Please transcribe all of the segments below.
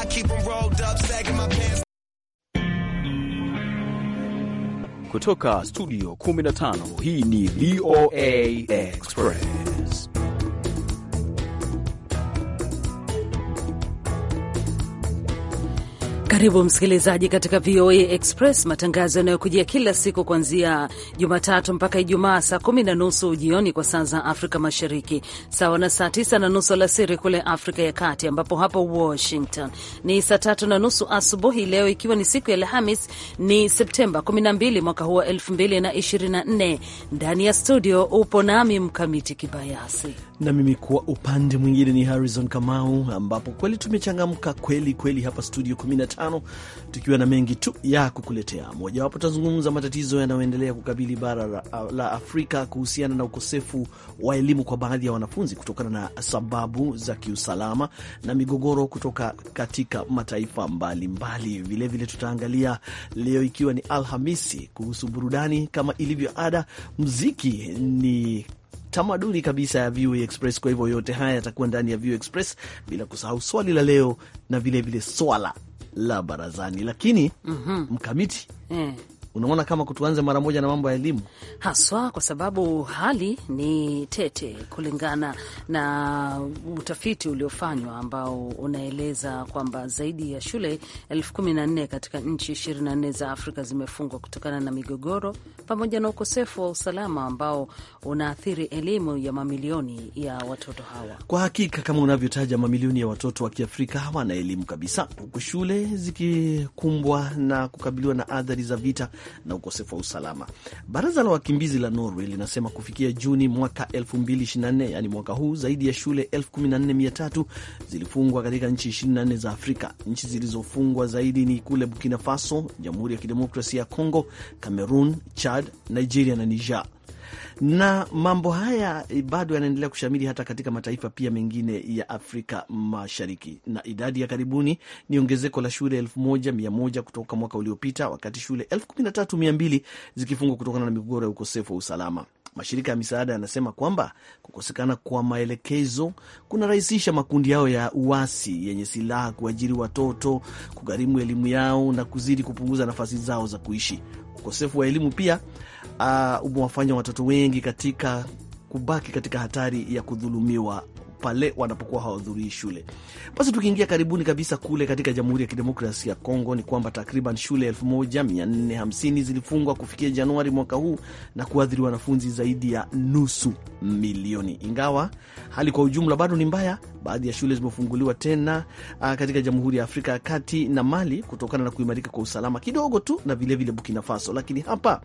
I keep them rolled up, sagging my pants. Kutoka studio 15 hii ni VOA Express. Karibu msikilizaji katika VOA Express, matangazo yanayokujia kila siku kuanzia Jumatatu mpaka Ijumaa saa kumi na nusu jioni kwa saa za Afrika Mashariki, sawa na saa tisa na nusu alasiri kule Afrika ya Kati, ambapo hapa Washington ni saa tatu na nusu asubuhi. Leo ikiwa ni siku ya Alhamis, ni Septemba 12 mwaka huu wa 2024. Ndani ya studio upo nami Mkamiti Kibayasi na mimi kwa upande mwingine ni Harrison Kamau, ambapo kweli tumechangamka kweli kweli hapa studio 15 tukiwa na mengi tu ya kukuletea. Mojawapo tutazungumza matatizo yanayoendelea kukabili bara la, la Afrika kuhusiana na ukosefu wa elimu kwa baadhi ya wanafunzi kutokana na sababu za kiusalama na migogoro kutoka katika mataifa mbalimbali. Vilevile tutaangalia leo, ikiwa ni Alhamisi, kuhusu burudani. Kama ilivyo ada, mziki ni tamaduni kabisa ya VOA Express. Kwa hivyo yote haya yatakuwa ndani ya VOA Express, bila kusahau swali la leo na vilevile vile swala la barazani, lakini mm -hmm. mkamiti mm unaona kama kutuanze mara moja na mambo ya elimu haswa, kwa sababu hali ni tete, kulingana na utafiti uliofanywa ambao unaeleza kwamba zaidi ya shule elfu kumi na nne katika nchi ishirini na nne za Afrika zimefungwa kutokana na migogoro pamoja na ukosefu wa usalama ambao unaathiri elimu ya mamilioni ya watoto hawa. Kwa hakika, kama unavyotaja, mamilioni ya watoto wa Kiafrika hawana elimu kabisa, huku shule zikikumbwa na kukabiliwa na adhari za vita na ukosefu wa usalama. Baraza la wakimbizi la Norway linasema kufikia Juni mwaka 2024, yani mwaka huu, zaidi ya shule 14300 zilifungwa katika nchi 24 za Afrika. Nchi zilizofungwa zaidi ni kule Burkina Faso, Jamhuri ya Kidemokrasia ya congo Cameroon, Chad, Nigeria na Niger na mambo haya bado yanaendelea kushamiri hata katika mataifa pia mengine ya Afrika Mashariki, na idadi ya karibuni ni ongezeko la shule elfu moja mia moja kutoka mwaka uliopita, wakati shule elfu kumi na tatu mia mbili zikifungwa kutokana na migogoro ya ukosefu wa usalama. Mashirika ya misaada yanasema kwamba kukosekana kwa maelekezo kunarahisisha makundi yao ya uasi yenye silaha kuajiri watoto, kugharimu elimu yao na kuzidi kupunguza nafasi zao za kuishi. Ukosefu wa elimu pia uh, umewafanya watoto wengi katika kubaki katika hatari ya kudhulumiwa pale wanapokuwa hawahudhurii shule. Basi tukiingia karibuni kabisa kule katika Jamhuri ya Kidemokrasi ya Kongo ni kwamba takriban shule 1450 zilifungwa kufikia Januari mwaka huu na kuathiri wanafunzi zaidi ya nusu milioni. Ingawa hali kwa ujumla bado ni mbaya, baadhi ya shule zimefunguliwa tena ah, katika Jamhuri ya Afrika ya Kati na Mali kutokana na kuimarika kwa usalama kidogo tu na vilevile vile Burkina Faso, lakini hapa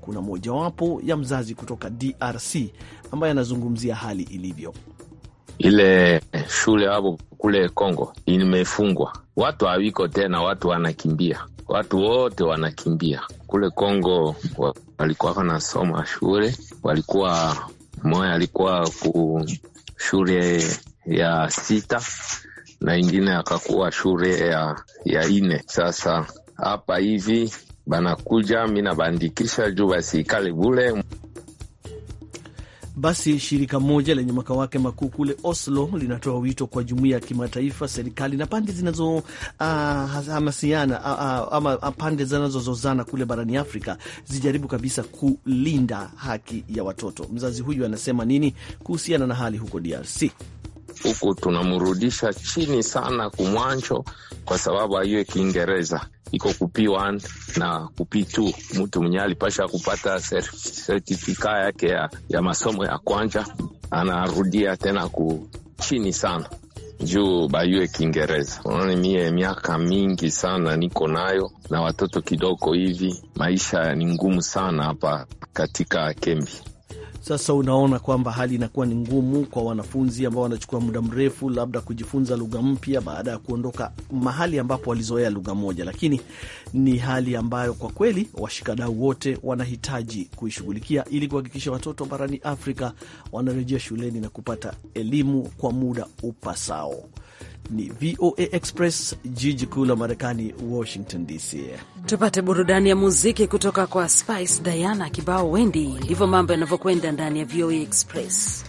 kuna mojawapo ya mzazi kutoka DRC ambaye anazungumzia hali ilivyo. Ile shule hapo kule Kongo imefungwa, watu hawiko tena, watu wanakimbia, watu wote wanakimbia kule Kongo. Walikuwa wanasoma shule, walikuwa moya alikuwa ku shule ya sita na ingine akakuwa shule ya, ya ine. Sasa hapa hivi banakuja, mi nabandikisha juu ikale bule basi shirika moja lenye makao wake makuu kule Oslo linatoa wito kwa jumuia ya kimataifa, serikali na pande zinazohamasiana ah, uh, ah, ah, ama pande zinazozozana kule barani Afrika zijaribu kabisa kulinda haki ya watoto. Mzazi huyu anasema nini kuhusiana na hali huko DRC? huku tunamrudisha chini sana kumwancho, kwa sababu aiwe Kiingereza iko p na kupi tu Mtu mwenye alipasha kupata sertifika yake ya, ya masomo ya kwanja anarudia tena ku chini sana juu bayue Kiingereza. Unaona, mie miaka mingi sana niko nayo na watoto kidogo hivi, maisha ni ngumu sana hapa katika kembi. Sasa unaona kwamba hali inakuwa ni ngumu kwa wanafunzi ambao wanachukua muda mrefu labda kujifunza lugha mpya baada ya kuondoka mahali ambapo walizoea lugha moja, lakini ni hali ambayo kwa kweli washikadau wote wanahitaji kuishughulikia ili kuhakikisha watoto barani Afrika wanarejea shuleni na kupata elimu kwa muda upasao ni VOA Express, jiji kuu la Marekani, Washington DC. Tupate burudani ya muziki kutoka kwa Spice Diana, kibao Wendi. Ndivyo mambo yanavyokwenda ndani ya VOA Express.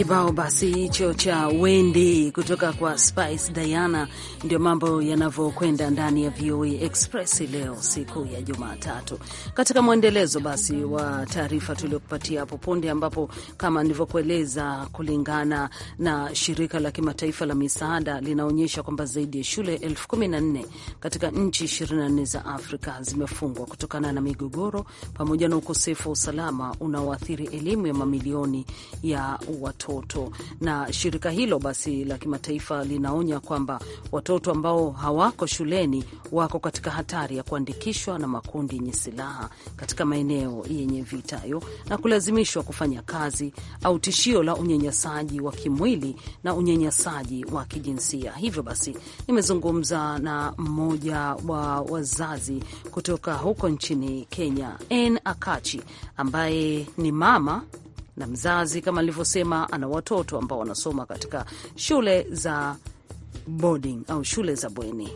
Kibao basi hicho cha Wendi kutoka kwa Spice Diana. Ndio mambo yanavyokwenda ndani ya VOA e Express leo siku ya Jumatatu, katika mwendelezo basi wa taarifa tuliokupatia hapo punde, ambapo kama nilivyokueleza, kulingana na shirika la kimataifa la misaada linaonyesha kwamba zaidi ya shule elfu kumi na nne katika nchi 24 za Afrika zimefungwa kutokana na migogoro pamoja na ukosefu wa usalama unaoathiri elimu ya mamilioni ya watu watoto. Na shirika hilo basi la kimataifa linaonya kwamba watoto ambao hawako shuleni wako katika hatari ya kuandikishwa na makundi yenye silaha katika maeneo yenye vita hiyo na kulazimishwa kufanya kazi au tishio la unyanyasaji wa kimwili na unyanyasaji wa kijinsia. Hivyo basi nimezungumza na mmoja wa wazazi kutoka huko nchini Kenya, n Akachi ambaye ni mama na mzazi kama nilivyosema, ana watoto ambao wanasoma katika shule za boarding au shule za bweni.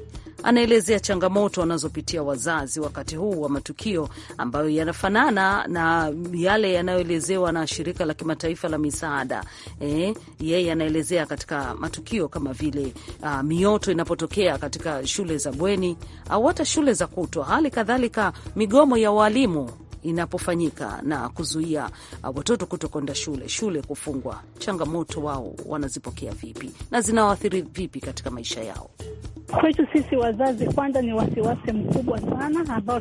Anaelezea changamoto wanazopitia wazazi wakati huu wa matukio ambayo yanafanana na yale yanayoelezewa na shirika la kimataifa la misaada. Eh, yeye anaelezea katika matukio kama vile uh, mioto inapotokea katika shule za bweni au hata shule za kutwa, hali kadhalika migomo ya walimu inapofanyika na kuzuia uh, watoto kutokwenda shule, shule kufungwa, changamoto wao wanazipokea vipi na zinawaathiri vipi katika maisha yao? Kwetu sisi wazazi, kwanza ni wasiwasi mkubwa sana ambao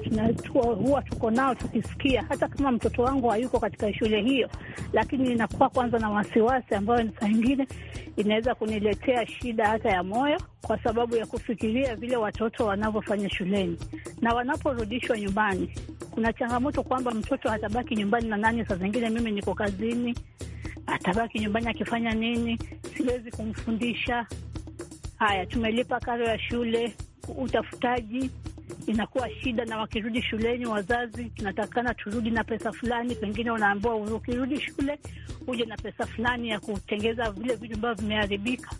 huwa tuko nao tukisikia, hata kama mtoto wangu hayuko katika shule hiyo, lakini inakuwa kwanza na wasiwasi ambayo saa ingine inaweza kuniletea shida hata ya moyo kwa sababu ya kufikiria vile watoto wanavyofanya shuleni na wanaporudishwa nyumbani. Kuna changamoto kwamba mtoto hatabaki nyumbani na nani? Saa zingine mimi niko kazini, atabaki nyumbani akifanya nini? Siwezi kumfundisha. Haya, tumelipa karo ya shule, utafutaji inakuwa shida, na wakirudi shuleni, wazazi tunatakana turudi na pesa fulani. Pengine unaambiwa ukirudi shule uje na pesa fulani ya kutengeza vile vitu ambavyo vimeharibika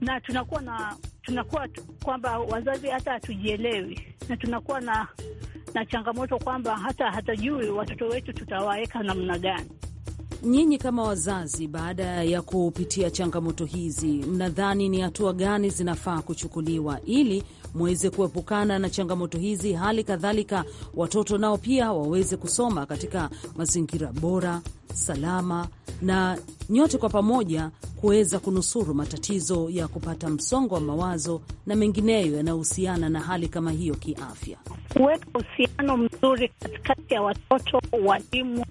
na tunakuwa na tunakuwa kwamba wazazi hata hatujielewi, na tunakuwa na na changamoto kwamba hata hatajui watoto wetu tutawaweka namna gani nyinyi kama wazazi, baada ya kupitia changamoto hizi, mnadhani ni hatua gani zinafaa kuchukuliwa ili mweze kuepukana na changamoto hizi, hali kadhalika watoto nao pia waweze kusoma katika mazingira bora, salama, na nyote kwa pamoja kuweza kunusuru matatizo ya kupata msongo wa mawazo na mengineyo yanayohusiana na hali kama hiyo kiafya? Kuweka uhusiano mzuri katikati ya watoto, walimu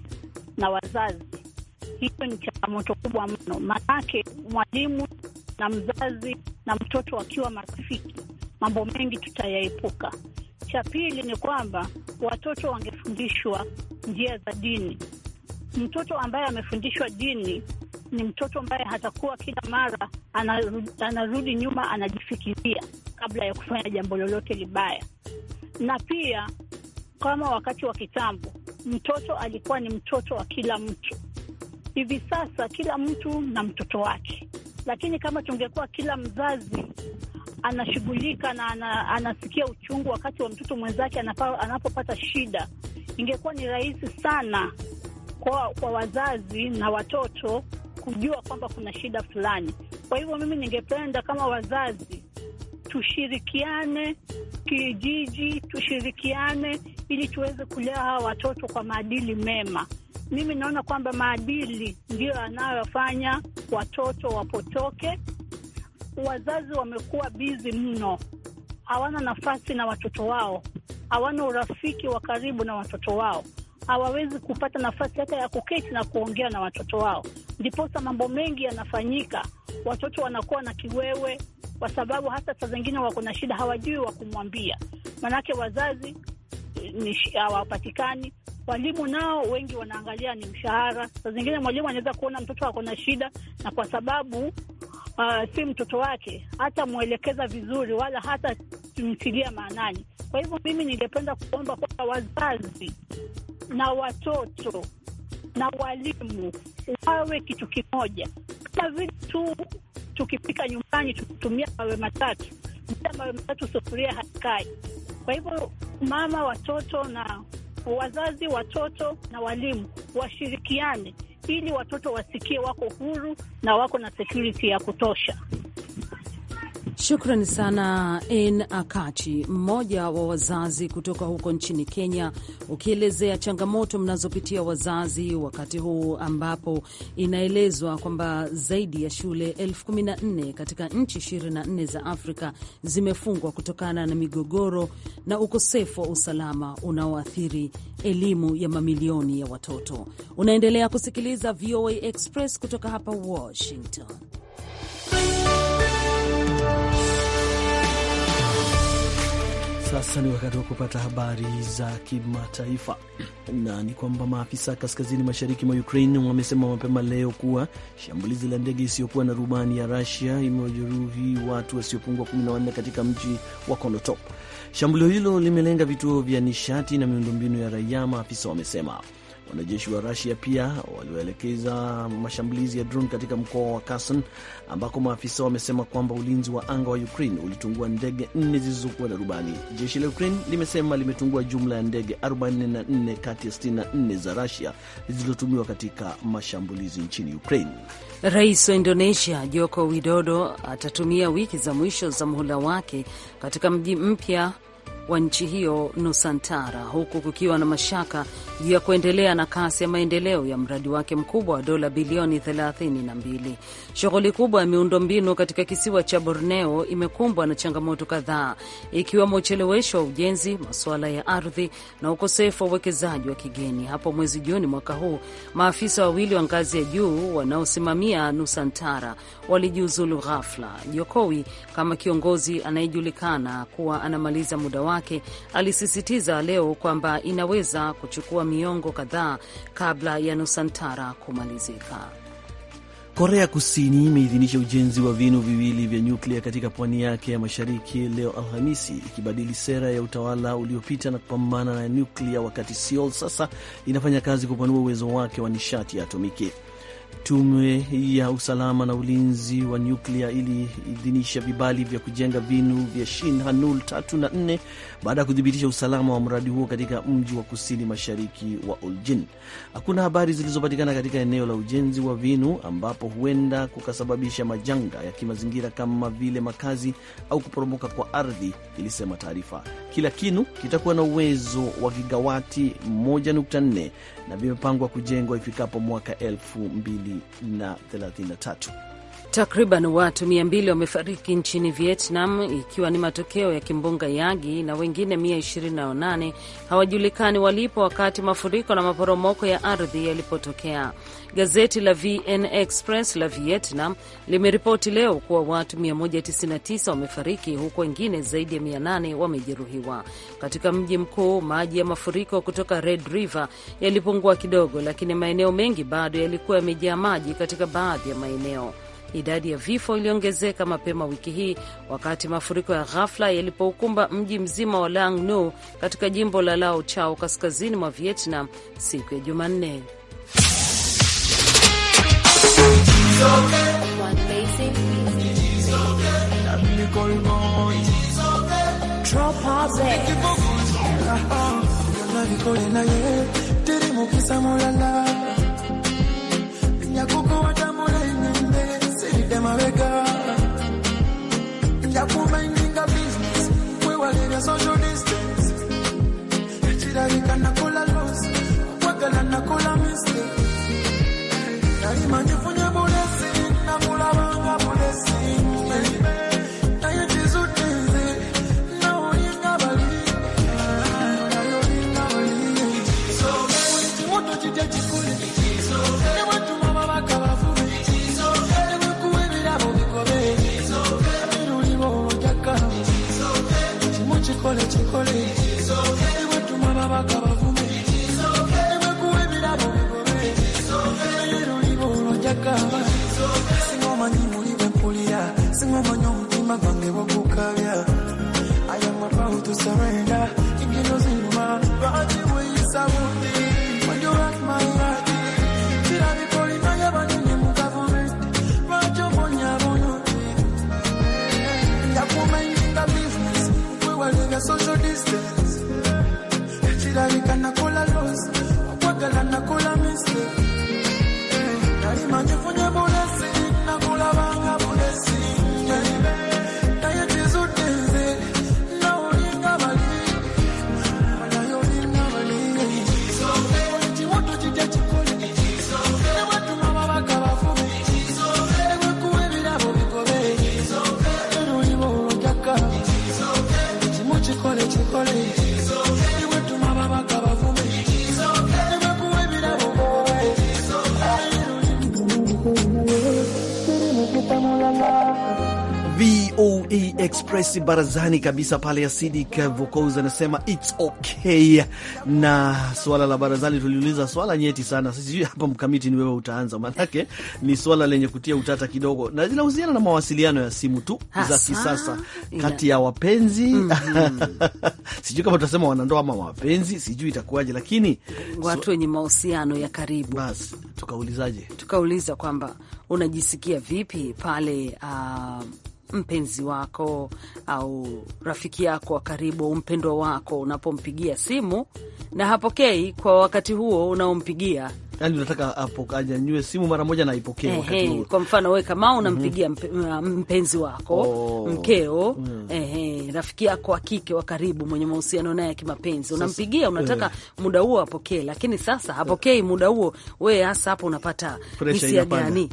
na wazazi hiyo ni changamoto kubwa mno, maanake mwalimu na mzazi na mtoto wakiwa marafiki, mambo mengi tutayaepuka. Cha pili ni kwamba watoto wangefundishwa njia za dini. Mtoto ambaye amefundishwa dini ni mtoto ambaye hatakuwa kila mara anarudi, anarudi nyuma, anajifikiria kabla ya kufanya jambo lolote libaya. Na pia kama wakati wa kitambo, mtoto alikuwa ni mtoto wa kila mtu hivi sasa kila mtu na mtoto wake, lakini kama tungekuwa kila mzazi anashughulika na ana, anasikia uchungu wakati wa mtoto mwenzake anapopata shida, ingekuwa ni rahisi sana kwa, kwa wazazi na watoto kujua kwamba kuna shida fulani. Kwa hivyo mimi ningependa kama wazazi tushirikiane kijiji, tushirikiane ili tuweze kulea hawa watoto kwa maadili mema mimi naona kwamba maadili ndiyo yanayofanya watoto wapotoke. Wazazi wamekuwa bizi mno, hawana nafasi na watoto wao, hawana urafiki wa karibu na watoto wao, hawawezi kupata nafasi hata ya kuketi na kuongea na watoto wao, ndiposa mambo mengi yanafanyika. Watoto wanakuwa na kiwewe, kwa sababu hata saa zingine wako na shida, hawajui wa kumwambia, manake wazazi hawapatikani Walimu nao wengi wanaangalia ni mshahara. Saa zingine mwalimu anaweza kuona mtoto ako na shida, na kwa sababu uh, si mtoto wake, hata mwelekeza vizuri wala hata mtilia maanani. Kwa hivyo mimi ningependa kuomba kwamba wazazi na watoto na walimu wawe kitu kimoja, kama vile tu tukipika nyumbani tukitumia mawe matatu, bila mawe matatu sufuria haikai. Kwa hivyo mama, watoto na wazazi, watoto na walimu washirikiane ili watoto wasikie wako huru na wako na security ya kutosha. Shukrani sana N Akachi, mmoja wa wazazi kutoka huko nchini Kenya, ukielezea changamoto mnazopitia wazazi wakati huu ambapo inaelezwa kwamba zaidi ya shule elfu kumi na nne katika nchi 24 za Afrika zimefungwa kutokana na migogoro na ukosefu wa usalama unaoathiri elimu ya mamilioni ya watoto. Unaendelea kusikiliza VOA Express kutoka hapa Washington. Sasa ni wakati wa kupata habari za kimataifa, na ni kwamba maafisa kaskazini mashariki mwa Ukraine wamesema mapema leo kuwa shambulizi la ndege isiyokuwa na rubani ya Rusia imewajeruhi watu wasiopungua 14 katika mji wa Konotop. Shambulio hilo limelenga vituo vya nishati na miundombinu ya raia, maafisa wamesema. Wanajeshi wa Rasia pia walioelekeza mashambulizi ya drone katika mkoa wa Kherson ambako maafisa wamesema kwamba ulinzi wa anga wa Ukraine ulitungua ndege nne zisizokuwa na rubani. Jeshi la Ukraine limesema limetungua jumla ya ndege 44 kati ya 64 za Rasia zilizotumiwa katika mashambulizi nchini Ukraine. Rais wa Indonesia Joko Widodo atatumia wiki za mwisho za muhula wake katika mji mpya wa nchi hiyo Nusantara, huku kukiwa na mashaka juu ya kuendelea na kasi ya maendeleo ya mradi wake mkubwa wa dola bilioni 32. Shughuli kubwa ya miundombinu katika kisiwa cha Borneo imekumbwa na changamoto kadhaa, ikiwemo uchelewesho wa ujenzi, masuala ya ardhi na ukosefu wa uwekezaji wa kigeni. Hapo mwezi Juni mwaka huu, maafisa wawili wa ngazi ya juu wanaosimamia Nusantara walijiuzulu ghafla. Jokowi kama kiongozi anayejulikana kuwa anamaliza muda wake wake alisisitiza leo kwamba inaweza kuchukua miongo kadhaa kabla ya Nusantara kumalizika. Korea Kusini imeidhinisha ujenzi wa vinu viwili vya nyuklia katika pwani yake ya mashariki leo Alhamisi, ikibadili sera ya utawala uliopita na kupambana na nyuklia, wakati Seoul sasa inafanya kazi kupanua uwezo wake wa nishati ya atomiki. Tume ya usalama na ulinzi wa nyuklia iliidhinisha vibali vya kujenga vinu vya Hanul tatu na nne baada ya kuthibitisha usalama wa mradi huo katika mji wa kusini mashariki wa Uljin. Hakuna habari zilizopatikana katika eneo la ujenzi wa vinu ambapo huenda kukasababisha majanga ya kimazingira kama vile makazi au kuporomoka kwa ardhi, ilisema taarifa. Kila kinu kitakuwa na uwezo wa gigawati 1.4 na vimepangwa kujengwa ifikapo mwaka elfu mbili 233. Takriban watu 20 wamefariki nchini Vietnam ikiwa ni matokeo ya kimbunga Yagi na wengine m28 hawajulikani walipo wakati mafuriko na maporomoko ya ardhi yalipotokea. Gazeti la VN Express la Vietnam limeripoti leo kuwa watu 199 wamefariki huku wengine zaidi ya 800 wamejeruhiwa. Katika mji mkuu, maji ya mafuriko kutoka Red River yalipungua kidogo, lakini maeneo mengi bado yalikuwa yamejaa maji katika baadhi ya maeneo. Idadi ya vifo iliongezeka mapema wiki hii wakati mafuriko ya ghafla yalipoukumba mji mzima wa Lang Nu katika jimbo la Lao Chao kaskazini mwa Vietnam siku ya Jumanne. Jamaica. Jacob and Jinga business. We were in a social mutima gwange ogukabya ayangwa twahutusamenda ingendo ziruma lwaki weyisabu VOA e Express barazani kabisa pale. Yasidi Kevokous anasema it's okay, na swala la barazani tuliuliza swala nyeti sana. Sijui hapa mkamiti ni wewe utaanza, manake ni swala lenye kutia utata kidogo, na zinahusiana na mawasiliano ya simu tu za kisasa kati ya wapenzi mm -hmm. sijui kama tutasema wanandoa ama wapenzi, sijui itakuwaje, lakini watu wenye so... mahusiano ya karibu. Bas, tukaulizaje? Tukauliza kwamba unajisikia vipi pale uh, mpenzi wako au rafiki yako wa karibu au mpendwa wako unapompigia simu na hapokei kwa wakati huo unaompigia Yani unataka anyanyue simu mara moja na aipokee wakati huo. Kwa mfano wewe kama mhm. unampigia mm -hmm. mpenzi wako oh, mkeo mm. ehe, rafiki yako wa kike wa karibu mwenye mahusiano naye ya kimapenzi unampigia, eh. unataka eh, muda huo apokee, lakini sasa hapokei muda huo, wewe hasa hapo unapata hisia gani?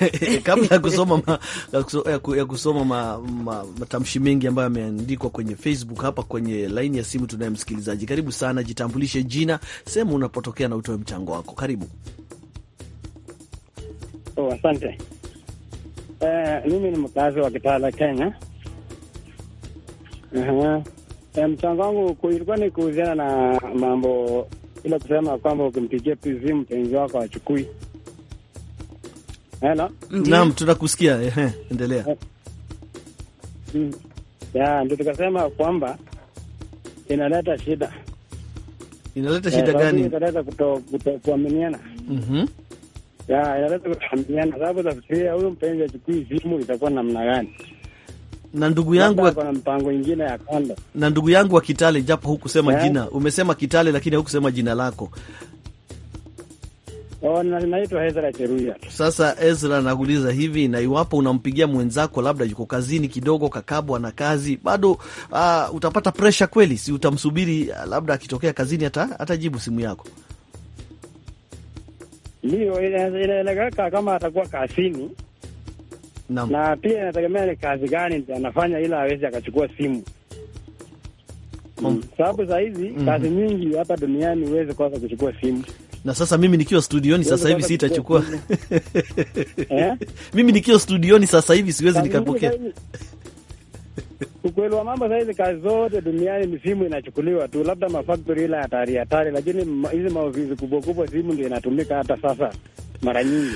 Eh, kabla ya kusoma ma, ya kusoma ma, ma, matamshi mengi ambayo yameandikwa kwenye Facebook. Hapa kwenye laini ya simu tunaye msikilizaji. Karibu sana, jitambulishe jina, sehemu unapotokea na utoe mchango wako. Karibu. Oh, asante. Uh, mimi ni mkazi wa Kitale, Kenya. uh -huh. E, mchango wangu ilikuwa ni kuhusiana na mambo ile kusema kwamba ukimpigia pizi mpenzi wako achukui Hello. Naam, tunakusikia. Ehe, endelea. Eh. Ya, ndio tukasema kwamba inaleta shida. Inaleta eh, shida gani? Inaleta kutokuaminiana. Mhm. Ya, inaleta kutokuaminiana. Sababu tafikiria huyo mpenzi achukui simu itakuwa namna gani? Na ndugu yangu wa... na mpango mwingine ya kando. Na ndugu yangu wa Kitale, japo hukusema eh. jina, umesema Kitale lakini hukusema jina lako. Oh, naitwa Ezra Cheruya. Sasa Ezra, nakuuliza hivi, na iwapo unampigia mwenzako labda yuko kazini kidogo, kakabwa na kazi bado, uh, utapata presha kweli? Si utamsubiri ah, labda akitokea kazini hata atajibu simu yako? Ndio, inaelekeka kama atakuwa kazini Naam. Na pia inategemea ni kazi gani anafanya, ila awezi akachukua simu mm. Sababu saa hizi mm -hmm. kazi nyingi hapa duniani huwezi kosa kuchukua simu na sasa mimi nikiwa studioni sasa hivi sitachukua eh? mimi nikiwa studioni sasa hivi siwezi nikapokea ukweli wa mambo sahizi, kazi zote duniani ni simu inachukuliwa tu, labda mafaktori ile hatari hatari, lakini hizi maofisi kubwa kubwa simu ndio inatumika hata sasa mara nyingi.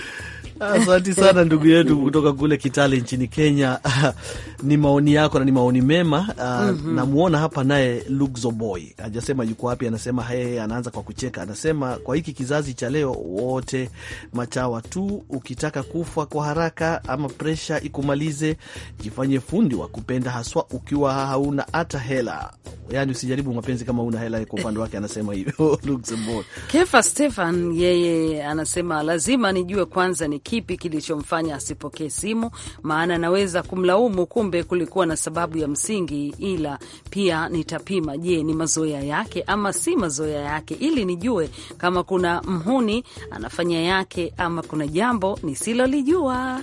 Asante sana ndugu yetu kutoka kule Kitale nchini Kenya. Ni maoni yako na ni maoni mema. Uh, ah, mm -hmm. Namwona hapa naye Luxoboy ajasema yuko wapi, anasema hey, anaanza kwa kucheka, anasema kwa hiki kizazi cha leo wote machawa tu, ukitaka kufa kwa haraka ama presha ikumalize, jifanye fundi wa kupenda haswa ukiwa hauna hata hela, yani usijaribu mapenzi kama una hela. Kwa upande wake anasema hivyo Luxoboy. Kefa Stefan yeye anasema lazima nijue kwanza ni kipi kilichomfanya asipokee simu, maana naweza kumlaumu, kumbe kulikuwa na sababu ya msingi, ila pia nitapima, je, ni mazoea yake ama si mazoea yake, ili nijue kama kuna mhuni anafanya yake ama kuna jambo nisilolijua.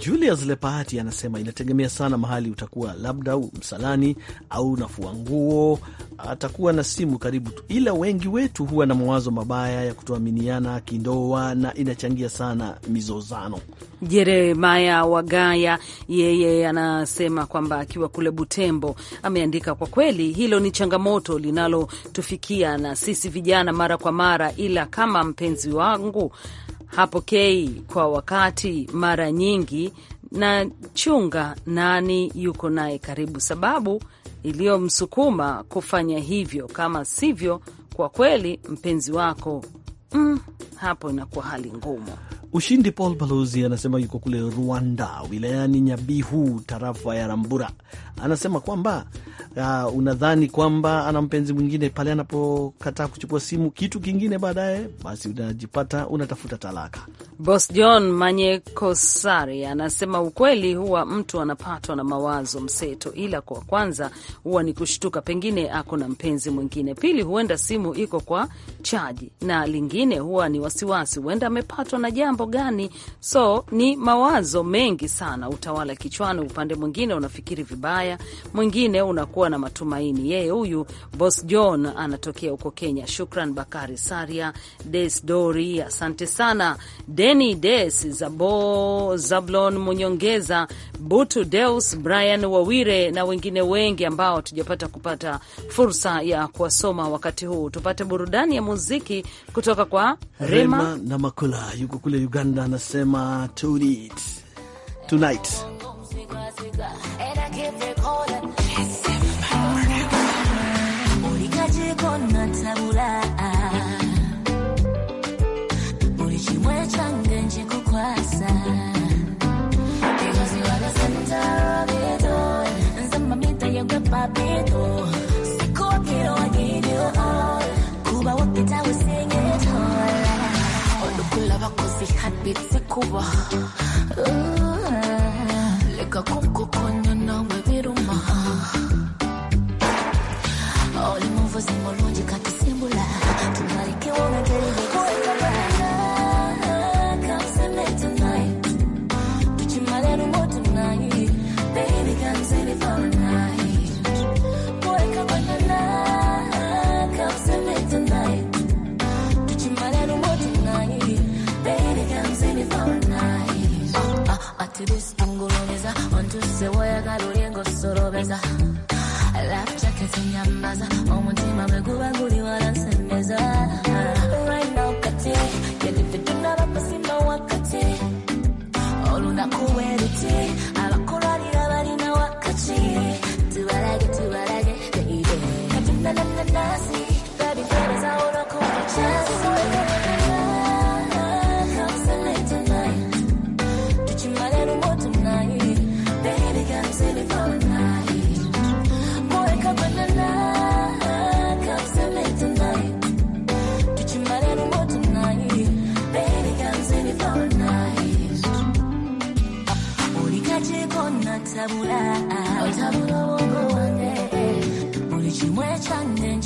Julius Lepahati anasema inategemea sana mahali utakuwa, labda msalani au nafua nguo, atakuwa na simu karibu tu, ila wengi wetu huwa na mawazo mabaya ya kutoaminiana kindoa na inachangia sana mizozano. Jeremaya Wagaya yeye anasema kwamba akiwa kule Butembo ameandika, kwa kweli hilo ni changamoto linalotufikia na sisi vijana mara kwa mara, ila kama mpenzi wangu hapokei kwa wakati mara nyingi, na chunga nani yuko naye karibu, sababu iliyomsukuma kufanya hivyo. Kama sivyo, kwa kweli mpenzi wako mm, hapo inakuwa hali ngumu. Ushindi Paul Balozi anasema yuko kule Rwanda, wilayani Nyabihu, tarafa ya Rambura. Anasema kwamba uh, unadhani kwamba ana mpenzi mwingine pale anapokataa kuchukua simu, kitu kingine baadaye, basi unajipata unatafuta talaka. Bos John Manyekosari anasema ukweli, huwa mtu anapatwa na mawazo mseto, ila kwa kwanza huwa ni kushtuka, pengine ako na mpenzi mwingine. Pili, huenda simu iko kwa chaji, na lingine huwa ni wasiwasi, huenda amepatwa na jambo mambo gani? So ni mawazo mengi sana utawala kichwani. Upande mwingine unafikiri vibaya, mwingine unakuwa na matumaini. Yeye huyu Boss John anatokea huko Kenya. Shukran Bakari Saria, Des Dori, asante sana Deni Des, Zabo Zablon Munyongeza, Butu Deus, Brian Wawire na wengine wengi ambao hatujapata kupata fursa ya kuwasoma wakati huu. Tupate burudani ya muziki kutoka kwa Rema, Rema na Makola yuko kule Uganda anasema tonight, tonight. في حد بيتسك وبحر لك kyakefunyamaza omutima bwe guba guli wala semeza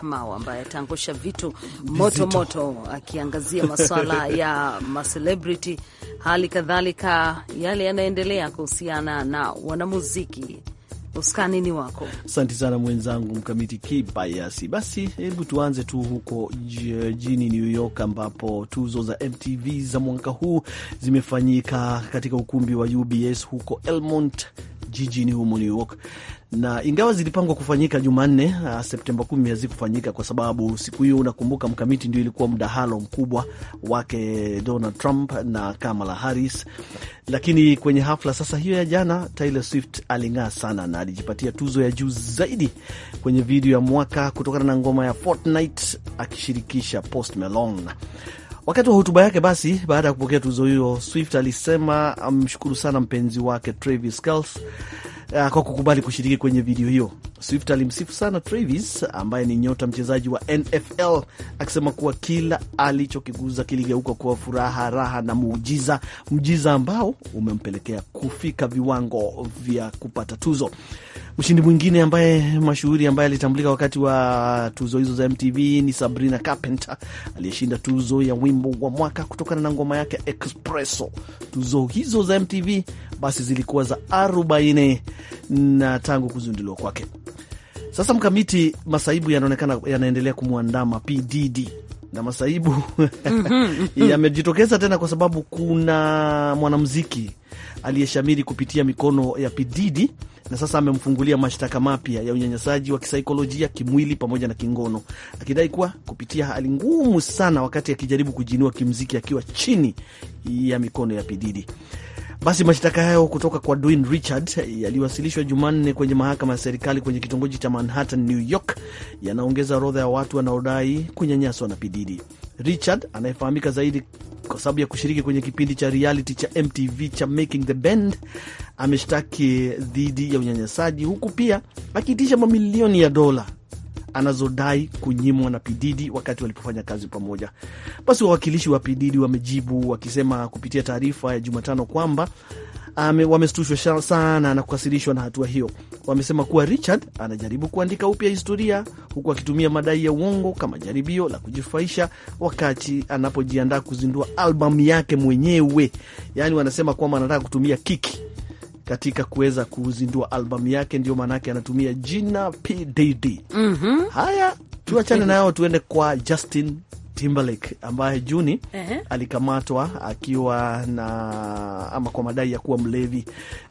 Kamau ambaye ataangusha vitu moto moto, akiangazia maswala ya macelebrity, hali kadhalika yale yanaendelea kuhusiana na wanamuziki. Uskani ni wako. Asante sana mwenzangu Mkamiti Kibayasi. Basi hebu tuanze tu huko jijini New York, ambapo tuzo za MTV za mwaka huu zimefanyika katika ukumbi wa UBS huko Elmont jijini humo New York na ingawa zilipangwa kufanyika Jumanne uh, Septemba kumi, hazikufanyika kwa sababu siku hiyo, unakumbuka mkamiti, ndio ilikuwa mdahalo mkubwa wake Donald Trump na Kamala Harris. Lakini kwenye hafla sasa hiyo ya jana, Taylor Swift aling'aa sana na alijipatia tuzo ya juu zaidi kwenye video ya mwaka kutokana na ngoma ya Fortnite akishirikisha Post Malone. Wakati wa hotuba yake basi, baada ya kupokea tuzo hiyo, Swift alisema amshukuru sana mpenzi wake Travis Kelce Eh, kwa kukubali kushiriki kwenye video hiyo. Swift alimsifu sana Travis ambaye ni nyota mchezaji wa NFL akisema kuwa kila alichokiguza kiligeuka kuwa furaha, raha na muujiza, mjiza ambao umempelekea kufika viwango vya kupata tuzo. Mshindi mwingine ambaye mashuhuri ambaye alitambulika wakati wa tuzo hizo za MTV ni Sabrina Carpenter aliyeshinda tuzo ya wimbo wa mwaka kutokana na ngoma yake Espresso. Tuzo hizo za MTV basi zilikuwa za arobaini na tangu kuzinduliwa kwake. Sasa mkamiti, masaibu yanaonekana yanaendelea kumwandama PDD na masaibu mhm, mhm. yamejitokeza tena, kwa sababu kuna mwanamuziki aliyeshamiri kupitia mikono ya PDD na sasa amemfungulia mashtaka mapya ya unyanyasaji wa kisaikolojia, kimwili pamoja na kingono, akidai kuwa kupitia hali ngumu sana wakati akijaribu kujiinua kimziki akiwa chini ya mikono ya PDD. Basi mashtaka hayo kutoka kwa Dwayne Richard yaliwasilishwa Jumanne kwenye mahakama ya serikali kwenye kitongoji cha Manhattan, New York, yanaongeza orodha ya watu wanaodai kunyanyaswa na Pididi. Richard anayefahamika zaidi kwa sababu ya kushiriki kwenye kipindi cha reality cha MTV cha Making the Band ameshtaki dhidi ya unyanyasaji, huku pia akiitisha mamilioni ya dola anazodai kunyimwa na Pididi wakati walipofanya kazi pamoja. Basi wawakilishi wa Pididi wamejibu wakisema kupitia taarifa ya Jumatano kwamba wamestushwa sana na kukasirishwa na hatua hiyo. Wamesema kuwa Richard anajaribu kuandika upya historia huku akitumia madai ya uongo kama jaribio la kujifaisha wakati anapojiandaa kuzindua albamu yake mwenyewe. Yaani wanasema kwamba anataka kutumia kiki katika kuweza kuzindua albamu yake, ndio maanake anatumia jina PDD. mm -hmm. Haya, tuachane nao tuende kwa Justin Timberlake ambaye Juni uh-huh. alikamatwa akiwa na ama kwa madai ya kuwa mlevi,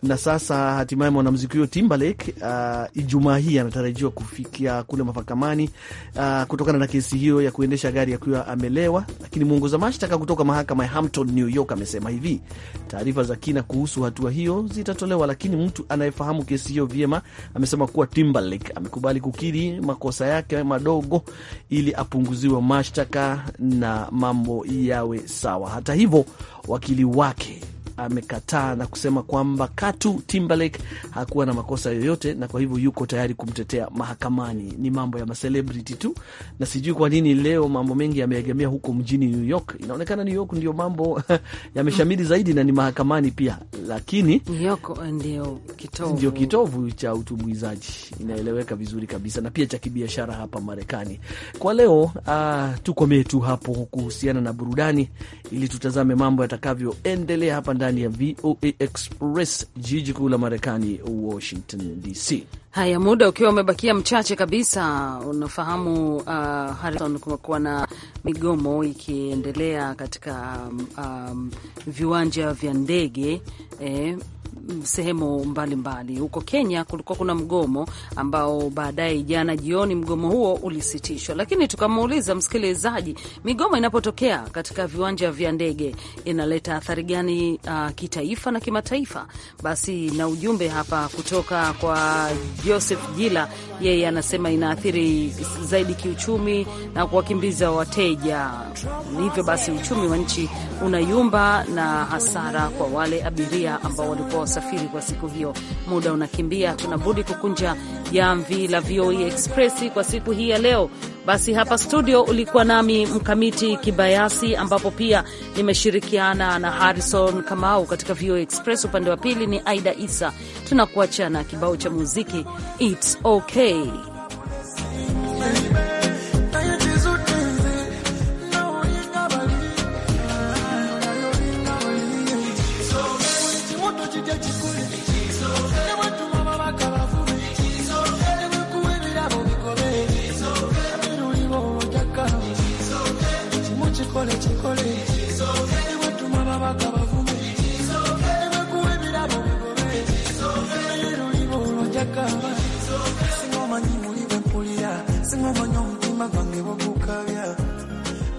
na sasa hatimaye mwanamuziki huyo Timberlake uh, Ijumaa hii anatarajiwa kufikia kule mahakamani uh, kutokana na kesi hiyo ya kuendesha gari akiwa amelewa. Lakini mwongoza mashtaka kutoka mahakama ya Hampton, New York amesema hivi, taarifa za kina kuhusu hatua hiyo zitatolewa, lakini mtu anayefahamu kesi hiyo vyema amesema kuwa Timberlake amekubali kukiri makosa yake madogo ili apunguziwe mashtaka na mambo yawe sawa. Hata hivyo, wakili wake amekataa na kusema kwamba Katu Timberlake hakuwa na makosa yoyote, na kwa hivyo yuko tayari kumtetea mahakamani. Ni mambo ya macelebrity tu, na sijui kwa nini leo mambo mengi yameegemea huko mjini New York. Inaonekana New York ndio mambo yameshamiri zaidi na ni mahakamani pia, lakini New York ndio kitovu, ndio kitovu cha utumbuizaji, inaeleweka vizuri kabisa, na pia cha kibiashara hapa Marekani. Kwa leo uh, tukomee tu hapo kuhusiana na burudani, ili tutazame mambo yatakavyoendelea hapa ndani ndani ya VOA Express, jiji kuu la Marekani, Washington DC. Haya, muda ukiwa umebakia mchache kabisa, unafahamu uh, Harrison, kumekuwa na migomo ikiendelea katika um, um viwanja vya ndege eh, sehemu mbalimbali. Huko Kenya kulikuwa kuna mgomo ambao baadaye jana jioni mgomo huo ulisitishwa, lakini tukamuuliza msikilizaji, migomo inapotokea katika viwanja vya ndege inaleta athari gani uh, kitaifa na kimataifa? Basi na ujumbe hapa kutoka kwa Joseph Jila, yeye anasema inaathiri zaidi kiuchumi na kuwakimbiza wateja, hivyo basi uchumi wa nchi unayumba na hasara kwa wale abiria ambao walikuwa wasafiri kwa siku hiyo. Muda unakimbia, tunabudi kukunja jamvi la VOA e Express kwa siku hii ya leo. Basi hapa studio ulikuwa nami Mkamiti Kibayasi, ambapo pia nimeshirikiana na Harrison Kamau katika VOA e Express. Upande wa pili ni Aida Isa. Tunakuacha na kibao cha muziki It's Okay.